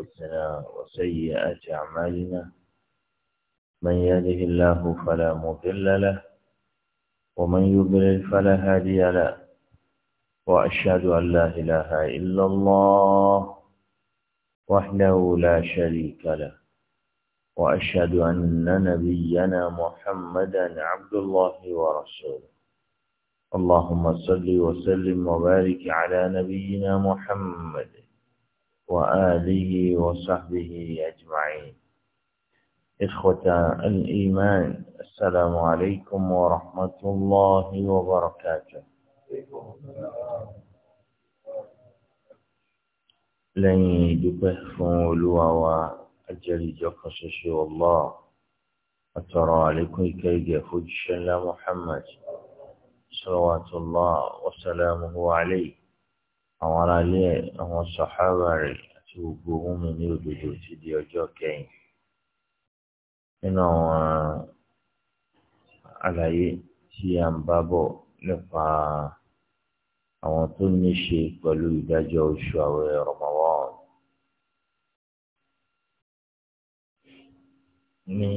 أنفسنا وسيئات أعمالنا من يهده الله فلا مضل له ومن يضلل فلا هادي له وأشهد أن لا إله إلا الله وحده لا شريك له وأشهد أن نبينا محمدا عبد الله ورسوله اللهم صل وسلم وبارك على نبينا محمد وآله وصحبه أجمعين إخوة الإيمان السلام عليكم ورحمة الله وبركاته لن يدبه ولوا أجل جقصش الله أترى عليكم كي يفج محمد صلوات الله وسلامه عليه àwọn ará ilé ẹ̀ àwọn sàhábà rẹ̀ àti gbogbo ohun mi ní òdodo ti di ọjọ́ kẹyìn nínú àwọn àlàyé tí a ń bá bọ̀ nípa àwọn tó ní ṣe pẹ̀lú ìdájọ́ oṣù àwẹ̀ Ramadan ní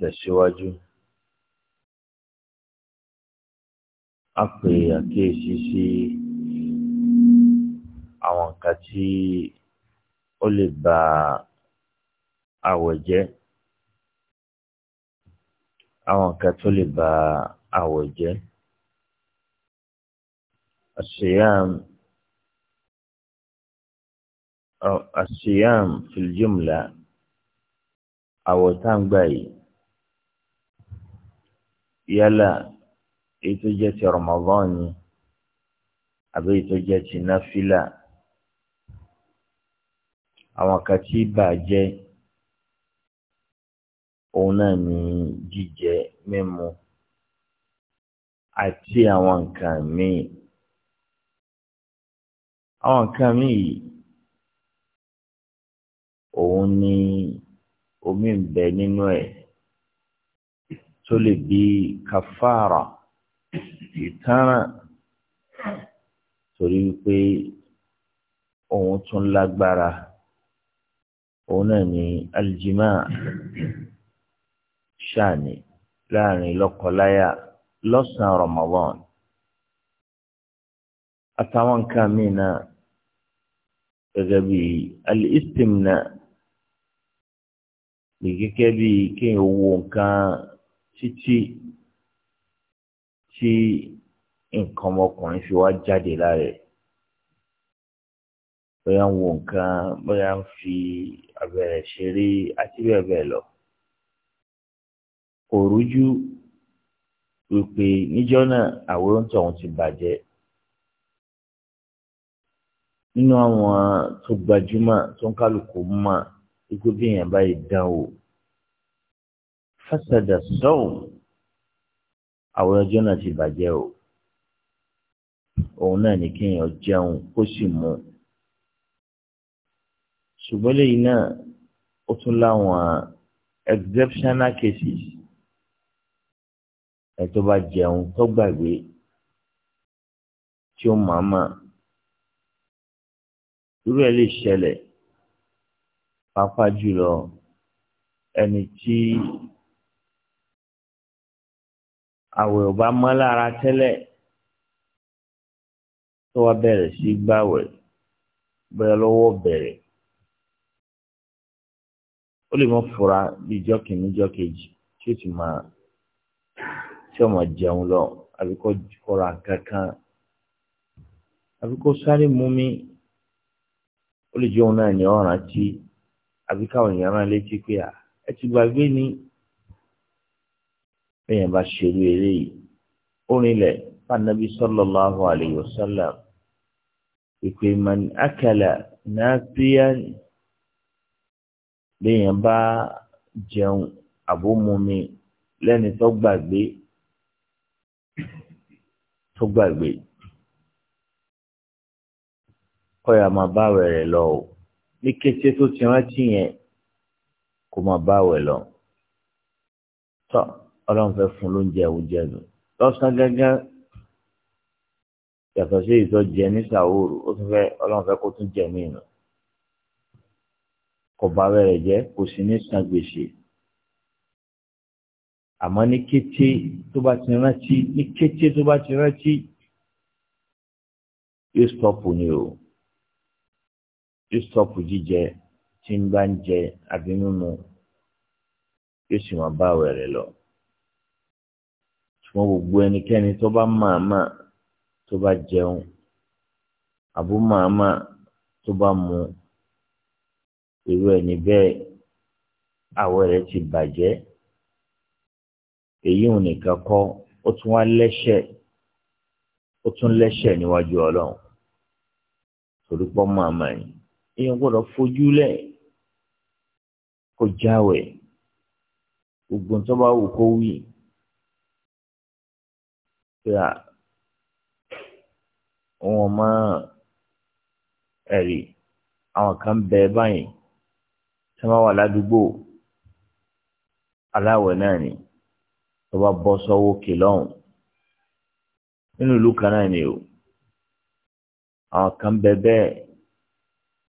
tẹ̀síwájú a pè àkíyèsí sí àwọn nǹkan tí ó lè ba àwẹ̀ jẹ́ àwọn nǹkan tó lè ba àwẹ̀ jẹ́ àṣeyàm àṣeyàm fìlìjùmùlà àwọ̀ tá ń gbà yìí yálà èyí tó jẹ́ ti Ramadan ni àbí èyí tó jẹ́ ti náfìlà àwọn kan tí bàjẹ́ òun náà ní jíjẹ mímu àti àwọn nǹkan míì àwọn nǹkan míì òun ni omi ń bẹ nínú ẹ̀ tó lè bí kàfàrà ìtaràn torí wípé òun tún lágbára òun náà ní aljimá ṣáàní láàrin lọ́kọláya lọ́sàn-án Ramadan àtàwọn nǹkan míì náà gẹ́gẹ́ bí alistimna gẹ́gẹ́ bí kéèyàn wo nǹkan títí tí nǹkan ọmọkùnrin fi wá jáde lára ẹ̀ bóyá ń wo nǹkan bóyá ń fi abẹ́rẹ́ ṣeré àti bẹ́ẹ̀ bẹ́ẹ̀ lọ. kò rújú wípé níjọ́ náà àwòrán tọ̀hún ti bàjẹ́. nínú àwọn tó gbajúmọ̀ tó ń kálukú mọ̀ ikú bí èèyàn báyìí dán fásitì sọ́ọ̀ àwọn ọjọ́ náà ti bàjẹ́ o òun náà ní kéèyàn jẹun kó sì mu ṣùgbọ́n lẹ́yìn náà ó tún láwọn exceptional cases ẹ̀ tó bá jẹun tó gbàgbé tí ó màmá irú ẹ̀ lè ṣẹlẹ̀ pàápàá jùlọ ẹni tí àwẹ̀ ò bá mọ́ lára tẹ́lẹ̀ tó wá bẹ̀rẹ̀ sí gbàwẹ̀ bẹ́ẹ̀ lọ́wọ́ bẹ̀rẹ̀ ó lè mọ́ fura bí ijọ́ kìíní ijọ́ kejì tí ó ti máa tí ọmọ jẹun lọ àbí kò fura kankan àbí sáré mú ó lè jẹun náà ní ọ̀ràn tí àbí káwọn èèyàn rán létí pé ẹ ti gbàgbé ni. bẹ́ẹ̀ bá ṣerú eré yìí ó rinlẹ̀ fanabi sallallahu alayhi wa sallam ìpè man akala nafiyan bẹ́ẹ̀ bá jẹun àbómumi lẹ́ni tó gbàgbé tó gbàgbé kọ́ya máa bá wẹ̀rẹ̀ lọ o ní kété tó ti rántí yẹn kó máa bá wẹ̀ lọ. ọlọ́run fẹ́ fún lóúnjẹ oúnjẹ lò lọ́sàn-án gángan yàtọ̀ sí ìtọ́jẹ ní sàwòrò ó tún fẹ́ ọlọ́run fẹ́ kó tún jẹ mí nù kò bá rẹ̀ jẹ́ kò sí ní san gbèsè àmọ́ ní kété tó bá ti rántí ní kété tó bá ti rántí yóò stọ́pù ni o yóò stọ́pù jíjẹ tí ń bá ń jẹ àbí mímu yóò sì máa bá àwẹ̀ lọ ṣùgbọ́n gbogbo ẹnikẹ́ni tó bá màmá tó bá jẹun àbú màmá tó bá mu irú ẹni bẹ́ẹ̀ àwọ̀ rẹ̀ ti bàjẹ́ èyí ò nìkan kọ́ ó tún wá lẹ́ṣẹ̀ ó tún lẹ́ṣẹ̀ níwájú ọlọ́run torí pọ́ màmá yìí èèyàn gbọ́dọ̀ fojú lẹ̀ kó jáwèé gbogbo tó bá wù kó wí pé à wọn mọ ẹ̀rí àwọn kan bẹ báyìí tí wọ́n wà ládùúgbò aláwẹ̀ náà ni tó bá bọ́ sọ́wọ́ kìlọ́hùn nínú ìlú kan náà ni o àwọn kan bẹ bẹ́ẹ̀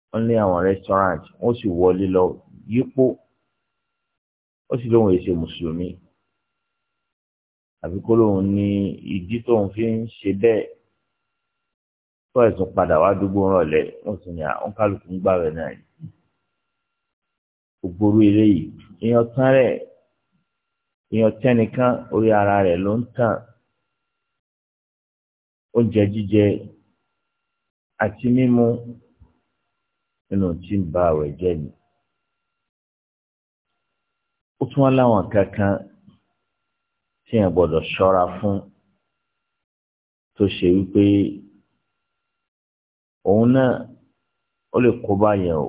wọ́n ní àwọn restaurant wọ́n sì wọlé lọ yípo ó sì lóun èsè mùsùlùmí àbí kó lóun ní ìdí tóun fi ń ṣe bẹ́ẹ̀ tó ẹ̀sùn padà wá dúgbò rànlẹ́ wọ́n sì ní àwọn kálukú ń gbà rẹ̀ náà ni. ògbóró eléyìí èèyàn tán rẹ̀ èèyàn tẹ́nìkan orí ara rẹ̀ ló ń tàn oúnjẹ jíjẹ àti mímu nínú tí ń ba àwẹ̀ jẹ́ ni. ó tún wá láwọn kankan tí yẹn gbọ́dọ̀ ṣọ́ra fún tó ṣe wípé òun náà ó lè kó báyẹn o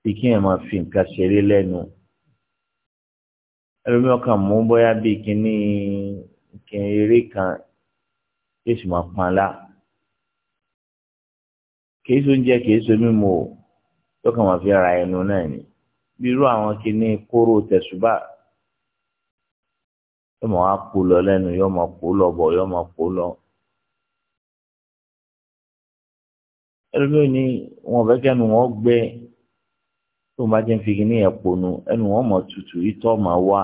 bí kí yẹn máa fi nǹkan ṣeré lẹ́nu ẹlòmí ọkàn mú bóyá bíi kíní kíní eré kan yéṣù máa pan lá kìí so oúnjẹ kìí so mímu o lọ́kàn máa fi ra ẹnu náà ni bí irú àwọn kíní kóró tẹ̀sùbà yóò máa wá kó lọ lẹ́nu yóò máa kó lọ bọ̀ yóò máa kó lọ. ẹlòmíràn ni wọn fẹ́ kẹ́nu wọn gbẹ tó bá jẹ́ ń fi kíní ẹ̀ ponu ẹnu wọn mọ̀ tutù itọ́ máa wá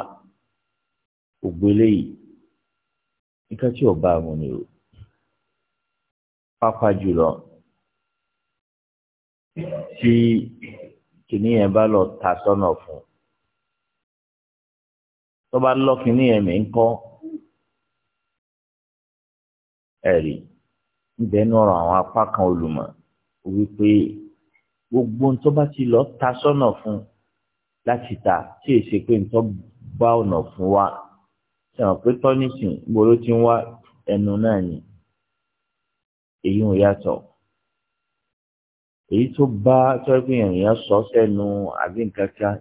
ògbélé yìí nǹkan tí ọba àwọn ni o pápá jùlọ tí kìnìún yẹn bá lọ ta sọ́nà fún un tó bá lọ́kìn ní ẹ̀mí ń kọ́ ẹ̀rí níbẹ̀ ní ọ̀rọ̀ àwọn apá kan olùmọ̀ wípé gbogbo ohun tó bá ti lọ ta sọ́nà fún láti ta tí èsì pé ń tọ́ bá ọ̀nà fún wa sàn pé tọ́nìsìn gbòòrò ti ń wá ẹnu náà ni èyí ò yàtọ̀ èyí tó bá tọ́jú èèyàn sọ sẹ́nu àbí nǹkan kan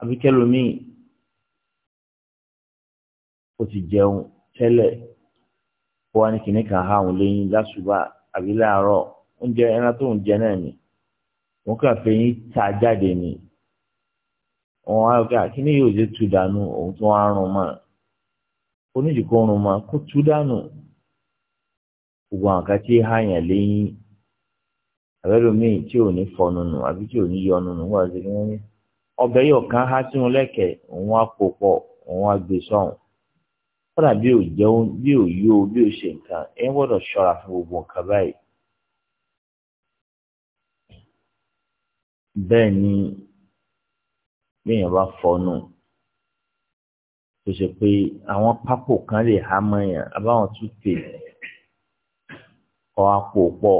àbíkẹ́lómìn ó ti jẹun tẹ́lẹ̀ ó wá ní kìnní kan há òun lẹ́yìn lásùbà àbí láàárọ̀ oúnjẹ ẹran tó ń jẹ náà ni wọ́n kà fẹ́ yín ta jáde ni wọ́n á gbà kí ni yóò ṣe tu dànù òun tó wá rún mọ́ onídìkọ́ mọ́ kó tu dànù gbogbo àwọn kan tí àbẹ́lòmíì tí ò ní àbí tí ò ní ṣe kí wọ́n ní ọbẹ̀ yóò kán há sínú lẹ́kẹ̀ẹ́ òun á pọ̀ kódà bí ò jẹun bí ò yó bí ò ṣe nǹkan ẹ ń gbọ́dọ̀ ṣọ́ra fún gbogbo nǹkan báyìí. bẹ́ẹ̀ ni bíyàn bá fọnù tó ṣe pé àwọn pápò kan lè há mọ́yàn àbáwọn tútè kọ́ àpò pọ̀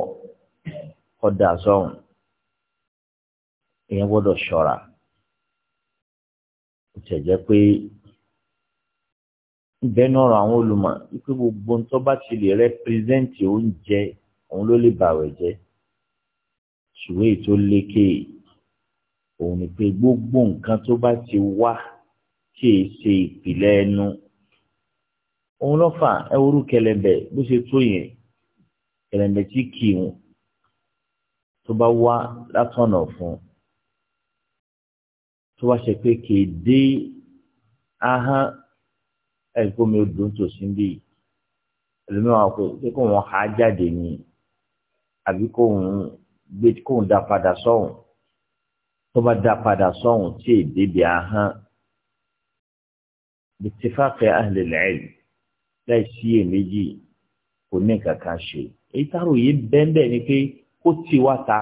kọ́ dà sọ́hùn èèyàn gbọ́dọ̀ ṣọ́ra ó tẹ̀ jẹ́ pé bẹ́ẹ̀ náà àwọn olùmọ̀ wípé gbogbo ń tó bá ti lè rẹ́pírẹ́sẹ̀ǹtì oúnjẹ òun ló lè bàwẹ̀ jẹ́ ṣùgbọ́n èyí tó lékè òun ni pé gbogbo nǹkan tó bá ti wá tí èyí ṣe ìpìlẹ̀ ẹnu òun ló ẹwúrú kẹlẹbẹ bó ṣe tó yẹn kẹlẹbẹ tí kì í tó bá wá látọ̀nà fún tó bá ṣe pé kéde ahọ́n ẹ̀ kó mi ò dùn tó sí bí ẹlòmíràn kò ṣé kó wọn há jáde ni àbí kó òun gbé kó òun dá padà sọ́hùn tó bá dá padà sọ́hùn tí èdè bí ahán bitifaqi ahli láì sí èméjì kò ní kankan ṣe èyí táwọn yìí bẹ́ẹ̀ ni pé kó tiwa ta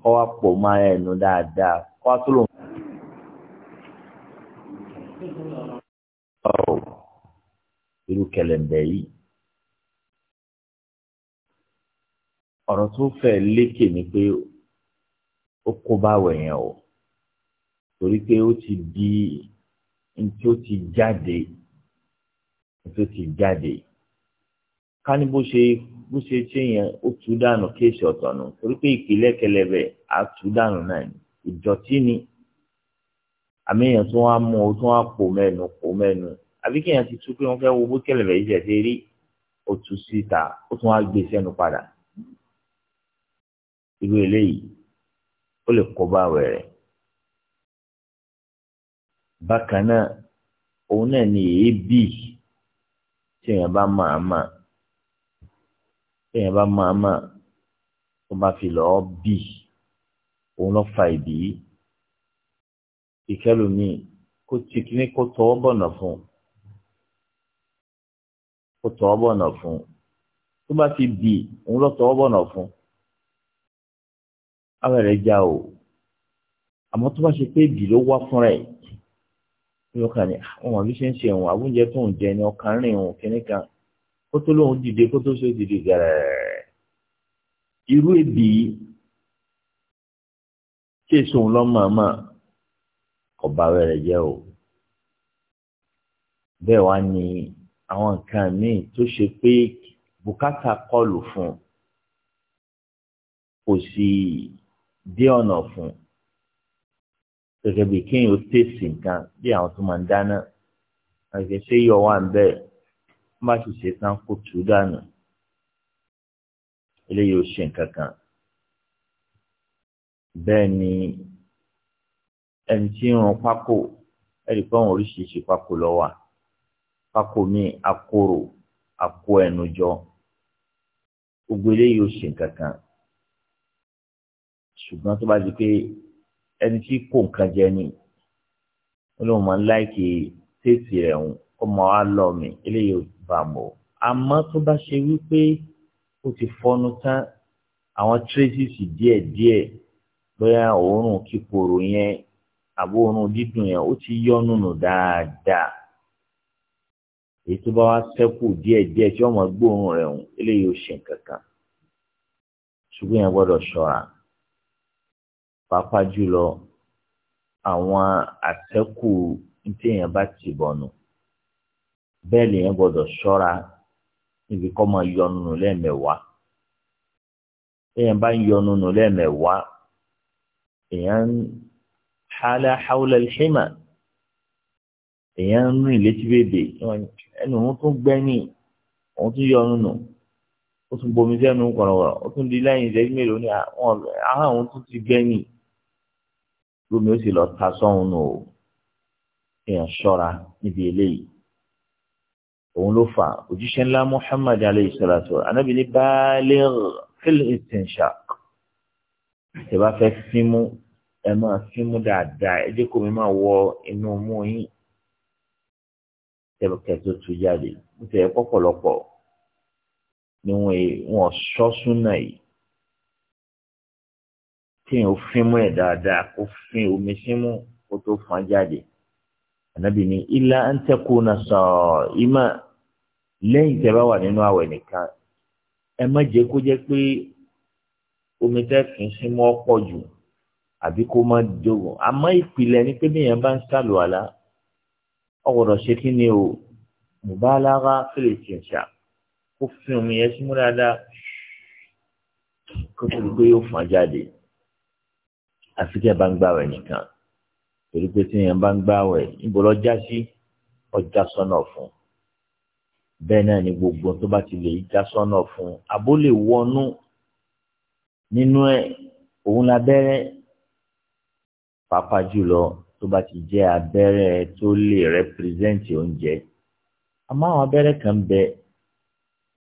kọ́ wa pọ̀ mọ́ ẹnu dáadáa kó wa tó lòun irú kẹlẹ̀mbẹ̀ yìí. ọ̀rọ̀ tó fẹ́ lékè ni pé ó kó báwẹ̀ yẹn o torí pé ó ti di ntí ó ti jáde ntí ó ti jáde ká ní bó ṣe bó ṣe ṣe yẹn ó tú dànù kéèsì ọ̀tọ̀ torí pé ìpìlẹ̀ kẹlẹ̀bẹ̀ á tú dànù náà ni ìdọ̀tí ni àmì èèyàn tó wá mú o tó wá pò mẹ́nu pò mẹ́nu àbí kéèyàn ti tú pé wọ́n fẹ́ wo bó kẹlẹ̀bẹ̀ yìí ṣẹ̀ ṣe rí ó tú síta ó tún wá gbé sẹ́nu padà irú eléyìí ó lè kó bá wẹ̀rẹ̀ bákan náà òun náà ni èébì tí èèyàn bá máa máa tí èèyàn bá máa máa tó bá fi lọ́ọ́ bì òun lọ́ fa ìbí ìkẹlòmíì kó tìkíní kó tọwọ́ bọ̀nà fún un. ó tọ́ bọ̀nà fún un tó bá fi bì òun lọ bọ̀nà fún un o àmọ́ tó bá ṣe pé bì ló wá fúnra ẹ̀ yóò kàn ní àwọn ah, àbí ṣe ń jẹ ni ọkàn rìn òun kìíní kan kó tó lóun dìde kó tó ṣe dìde irú yìí ọba rẹ̀ o bẹ́ẹ̀ wá ní àwọn nǹkan míì tó ṣe pé bùkátà kọlù fún kò sì dé ọ̀nà fún gẹ́gẹ́ bí kéèyàn ó tèsì nǹkan bí àwọn tó máa ń dáná àti ṣé yọ wà ń bẹ́ẹ̀ wọ́n bá sì ṣe tán kó tù ú dànù eléyìí ò ṣe nǹkan kan bẹ́ẹ̀ ni ẹni tí ń rún pákó ẹ̀rí pé àwọn oríṣiríṣi pákó ló wà pákó mi akóró akó ẹnu jọ gbogbo eléyìí ò ṣe nǹkan kan ṣùgbọ́n tó bá di pé ẹni tí kò nǹkan jẹ ni ó lóun máa ń láìkè tètè rẹ̀ ń kó máa wá lọ mi eléyìí ò bá mọ̀ àmọ́ tó bá ṣe wípé ó ti fọnu tán àwọn tírésìsì díẹ̀díẹ̀ bóyá òórùn kíkorò yẹn àbó dídùn yẹn ó ti yọ́nùnù dáadáa èyí tó bá wá sẹ́kù díẹ̀ díẹ̀ tí ọmọ gbóòórùn rẹ̀ hùn eléyìí ò ṣe nǹkan kan ṣùgbọ́n yẹn gbọ́dọ̀ ṣọ́ra pàápàá jùlọ àwọn àṣẹ́kù téèyàn bá ti bọ̀nù bẹ́ẹ̀ lèèyàn gbọ́dọ̀ ṣọ́ra níbi kọ́ máa yọnu nù lẹ́ẹ̀mẹ̀wàá téèyàn bá ń yọnu nù lẹ́ẹ̀mẹ̀wàá èèyàn ń hálà hawla al-hima èèyàn ń rìn létí bèbè ẹnu òun tún gbẹ́ni òun tún yọ ọ̀nù nù ó tún bomi sẹ́nu kọ̀rọ̀wọ̀rọ̀ ó tún di lẹ́yìn ìṣẹ́jú mélòó ni àwọn ah, òun tún ti gbẹ́ni lómi ó sì lọ ta sọ́hun nù o èèyàn ṣọ́ra níbi eléyìí òun ló fà òjíṣẹ́ ńlá Muhammad alayhi salatu anabi ní baligh fil istinshaq tẹ́ fẹ́ fímú ẹ máa fímú dáadáa ẹ jẹ́ kó mi máa wọ inú mú yín kẹ̀kẹ́ tó tú jáde nítorí ẹ̀kọ́ pọ̀lọpọ̀ ni wọ́n sọ súnà yìí kéèyàn fín mú ẹ̀ dáadáa kó fín omi símú kó tó fọn jáde ànábì ní ilá ń tẹ́kùn náà sàn ìmọ̀ lẹ́yìn tẹ́ bá wà nínú àwẹ̀ nìkan ẹ má jẹ́ kó jẹ́ pé omi tẹ́ kì í símú ọ̀pọ̀ jù àbí kó má jogun àmọ́ ìpìlẹ̀ ni pé bí èèyàn bá ń sàlùwàlá ọgbọ́dọ̀ ṣe kí ni o mùbálára fèrè ṣẹṣà kó fi omi yẹn símú dáadáa kó tó di pé yóò fọ́n jáde àfi kí ẹ bá ń gbàwẹ̀ nìkan torí pé tí èèyàn bá ń gbàwẹ̀ níbo lọ sí ọjà sọ́nà fún bẹ́ẹ̀ náà ni gbogbo tó bá ti lè já sọ́nà fún abó lè wọnú nínú ẹ̀ òun labẹ́rẹ́ pàápàá jùlọ tó bá ti jẹ́ abẹ́rẹ́ tó lè rẹ́pírẹ́sẹ̀ntì oúnjẹ àmọ́ àwọn abẹ́rẹ́ kan bẹ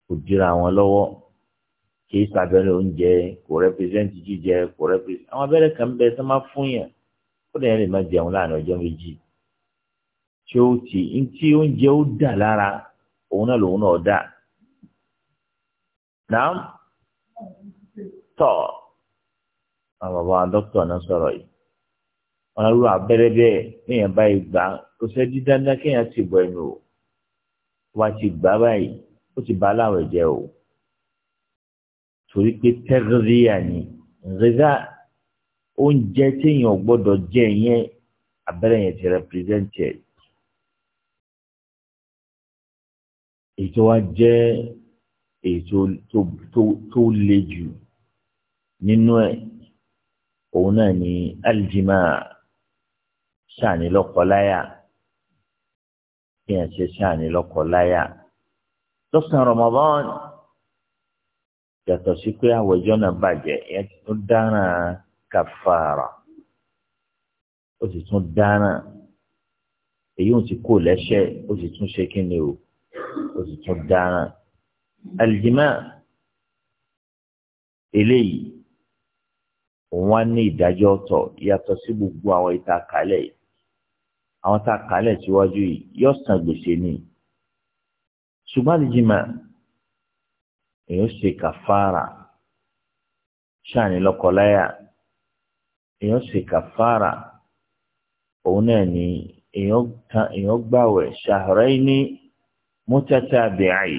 kò dira wọn lọ́wọ́ kìí sábẹ́rẹ́ oúnjẹ kò rẹ́pírẹ́sẹ̀ntì jíjẹ kò rẹ́pírẹ́sẹ̀ntì àwọn abẹ́rẹ́ kan bẹ tó máa fún yàn ó lè lè má jẹun láàrin ọjọ́ méjì tí ó ti ntí oúnjẹ ó dà lára òun náà lòun náà dà náà tọ́ àwọn bàbá dókítà náà sọ̀rọ̀ yìí wọn rú abẹ́rẹ́ bẹ́ẹ̀ níyàn báyìí gbà kò sẹ́ di dandan kéèyàn ti bọ̀ ẹnu o wá ti gbà báyìí ó ti bá aláwẹ̀ jẹ́ o torí pé tẹ́rẹ́rìà ni rẹ́dà oúnjẹ téèyàn gbọ́dọ̀ jẹ yẹn abẹ́rẹ́ yẹn ti represented èyí tó wá jẹ́ èyí tó le jù nínú ẹ̀ òun náà ni aljima ṣàní lọ́kọláya kéèyàn ṣe ṣàní lọ́kọláya lọ́sàn Ramadan yàtọ̀ sí pé àwùjọ náà bàjẹ́ ìyẹn ti tún dáná kàfàrà ó sì tún dáná èyí ò ti kó lẹ́sẹ̀ ó sì tún ṣe kí o ó sì tún dáná alìjímà eléyìí òun ní ìdájọ́ ọ̀tọ̀ yàtọ̀ sí gbogbo àwọn ìta kálẹ̀ yìí àwọn tá a kálẹ̀ síwájú yìí yóò san gbèsè ni ṣùgbọ́n àlejìmọ̀ èèyàn ṣe kàfàrà ṣáàní lọ́kọláyà èèyàn ṣe kàfàrà òun náà ni èèyàn gbàwẹ̀ ṣàháràínì mutatabi'ai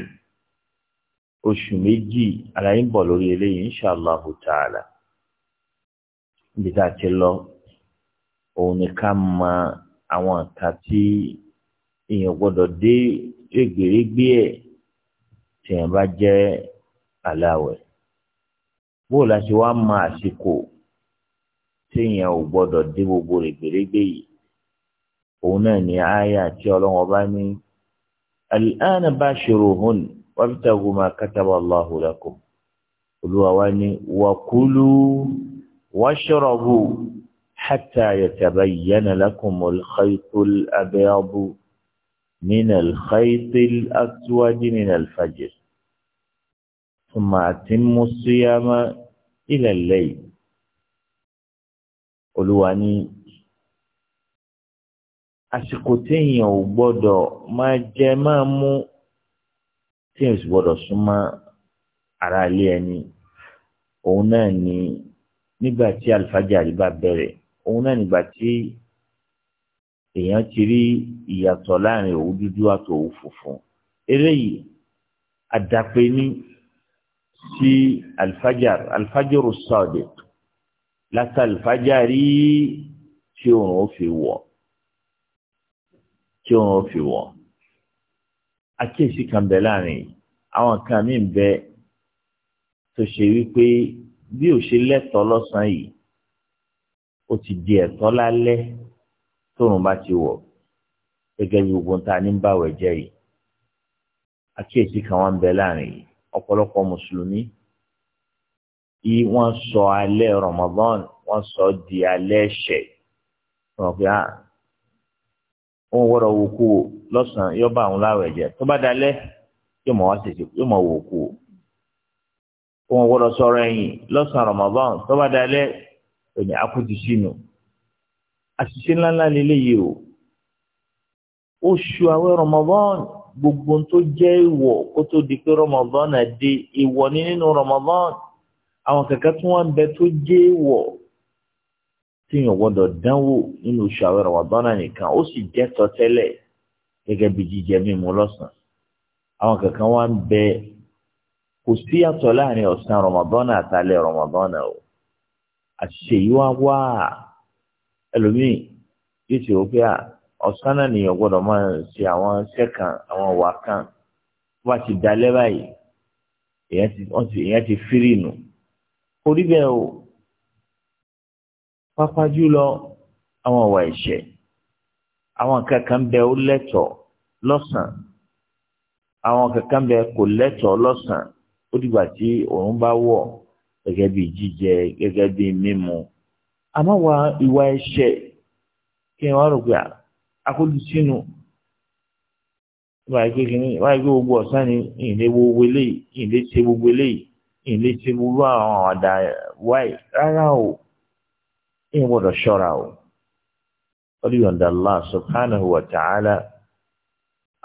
oṣù méjì àlàyé ń bọ̀ lórí eléyìí tá a ti lọ òun àwọn nǹkan tí èèyàn gbọ́dọ̀ dé rẹ́gbẹ̀rẹ́gbẹ̀ ẹ̀ tèèyàn bá jẹ́ aláwẹ̀. bóòlù àti wàá mọ àsìkò téèyàn ò gbọ́dọ̀ dé gbogbo rẹ́gbẹ̀rẹ́gbẹ̀ yìí òun náà ni àyà tí ọlọ́run ọba ní al-ana bashiruhun wabtagu ma kataba Allahu lakum olúwa wa ní wa kulu washrabu. حتى يتبين لكم الخيط الأبيض من الخيط الأسود من الفجر ثم أتم الصيام إلى الليل olùwàní àsìkò téèyàn ò gbọ́dọ̀ máa jẹ máa mú téèyàn sì gbọ́dọ̀ súnmọ́ ara ilé ẹni òun náà ni nígbà tí alifájà rí bá bẹ̀rẹ̀ òun náà nígbà tí èèyàn ti rí ìyàtọ̀ láàrin òwú dúdú àti òwú funfun eléyìí àdàpé ní sí alfajar alfajar sadiq láti alfajari tí òun ò fi wọ̀ tí òun ò fi wọ̀ akéèsí kan bẹ láàrin àwọn kan mí bẹ tó ṣe wípé bí ò ṣe lẹ́tọ̀ọ́ lọ́sàn yìí ó ti di ẹ̀tọ́ lálẹ́ tóun ti wọ̀ gẹ́gẹ́ bí gbogbo ta ní báwẹ̀ jẹ́ yìí àkíyèsí kan wá ń bẹ láàrin yìí sọ alẹ́ Ramadan wọ́n sọ di alẹ́ ẹ̀ṣẹ̀ wọn wọn ah, wọ́rọ̀ wò o lọ́sàn-án yóò bá àwọn láwẹ̀ jẹ́ tó bá dalẹ́ yóò mọ̀ wá Ramadan tó ẹ̀yìn akójú sínú àṣìṣe ńláńlá lélẹ́yìí o oṣù àwẹ̀ Ramadan gbogbo tó jẹ́ ìwọ̀ kó tó di pé Ramadan àdé ìwọ̀ ní nínú Ramadan àwọn kankan tí wọ́n ń bẹ tó jẹ́ ìwọ̀ tí yàn gbọ́dọ̀ dánwò nínú oṣù àwẹ̀ Ramadan nìkan ó sì jẹ́ tọ́tẹ́lẹ̀ gẹ́gẹ́ bí jíjẹ mímu lọ́sàn àwọn kankan wọ́n bẹ kò sí àtọ̀ láàrin ọ̀sán Ramadan àtàlẹ̀ Ramadan o àṣìṣe yìí wá wá ẹlòmíì yóò ṣe wọ́n pé ọ̀sán náà nìyẹn gbọ́dọ̀ máa ṣe àwọn iṣẹ́ kan àwọn ìwà kan tó bá ti dalẹ́ báyìí èèyàn ti fírì nù orí bẹ́ẹ̀ o pápá jùlọ àwọn ìwà ẹ̀ṣẹ̀ àwọn kankan bẹ ó lẹ́tọ̀ọ́ lọ́sàn-án àwọn kankan bẹ kò lẹ́tọ̀ọ́ lọ́sàn-án ó dìgbà tí òun bá wọ̀ gẹ́gẹ́ bí jíjẹ gẹ́gẹ́ bí mímu àmọ́ wa ìwà ẹ̀ṣẹ̀ kí wọ́n rò pé akójú sínú wáyé kékeré wáyé kí gbogbo ọ̀sán ni ìlé gbogbo eléyìí ìlé ṣe gbogbo eléyìí ìlé ṣe gbogbo àwọn ọ̀dà wáyé rárá o ìyẹn gbọ́dọ̀ ṣọ́ra o olùyọ̀ǹda Allah subhanahu wa ta'ala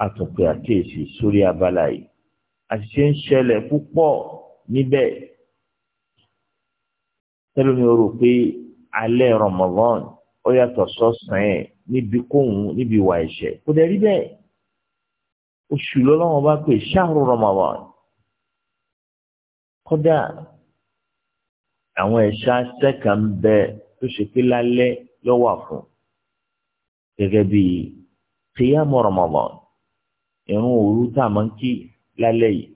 àtúnpè àkíyèsí sórí abala yìí àṣìṣe ń ṣẹlẹ̀ púpọ̀ níbẹ̀ tẹ́lómi o rò pé alẹ́ Ramadan ó yàtọ̀ sọ́sàn ẹ̀ níbi kóhùn níbi ìwà ẹ̀ṣẹ̀ kò dẹ̀ rí bẹ́ẹ̀ oṣù lọ́lọ́wọ́n bá pè ṣáàrù Ramadan kódà àwọn ẹ̀ṣá sẹ́kà ń bẹ tó ṣe pé lálẹ́ lọ́wọ́ fún gẹ́gẹ́ bí kíyàmù Ramadan ìrun òru tá a máa ń kí lálẹ́ yìí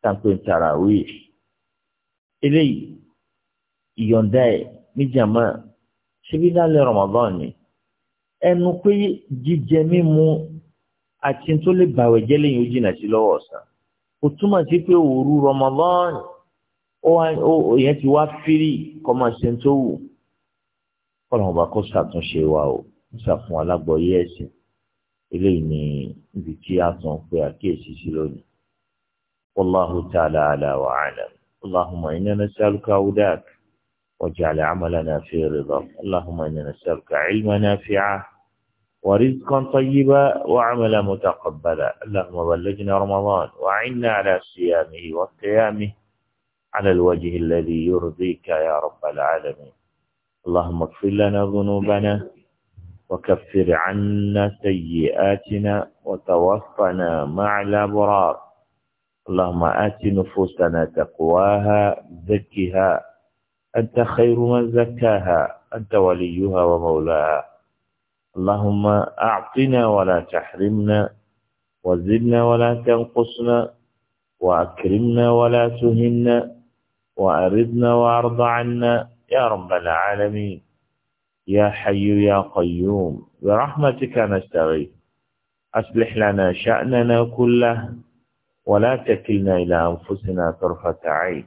tá a pè ń tarawih eléyìí ìyọ̀ǹda ẹ̀ níjàmá ṣíbí lálẹ́ Ramadan ni ẹnu pé jíjẹ mímu àti tó lè bàwẹ̀ jẹ́ lẹ́yìn ojìnà sí lọ́wọ́ ọ̀sán kò túmọ̀ sí pé òru Ramadan ìyẹn ti wá fírì kọ́ máa ṣe tó wù kọ́nà ọba kó ṣàtúnṣe wa o ṣàfún alágbọ̀yé ẹ̀sìn eléyìí ni ibi tí a tún pé àkíyèsí sí lónìí. والله تعالى على وعلم اللهم إنا نسألك هداك واجعل عملنا في رضاك اللهم إنا نسألك علما نافعا ورزقا طيبا وعملا متقبلا اللهم بلغنا رمضان وعنا على صيامه وقيامه على الوجه الذي يرضيك يا رب العالمين اللهم اغفر لنا ذنوبنا وكفر عنا سيئاتنا وتوفنا مع الأبرار اللهم آت نفوسنا تقواها زكها أنت خير من زكاها أنت وليها ومولاها اللهم أعطنا ولا تحرمنا وزدنا ولا تنقصنا وأكرمنا ولا تهنا وأردنا وأرض عنا يا رب العالمين يا حي يا قيوم برحمتك نستغيث أصلح لنا شأننا كله ولا تكلنا إلى أنفسنا طرفة عين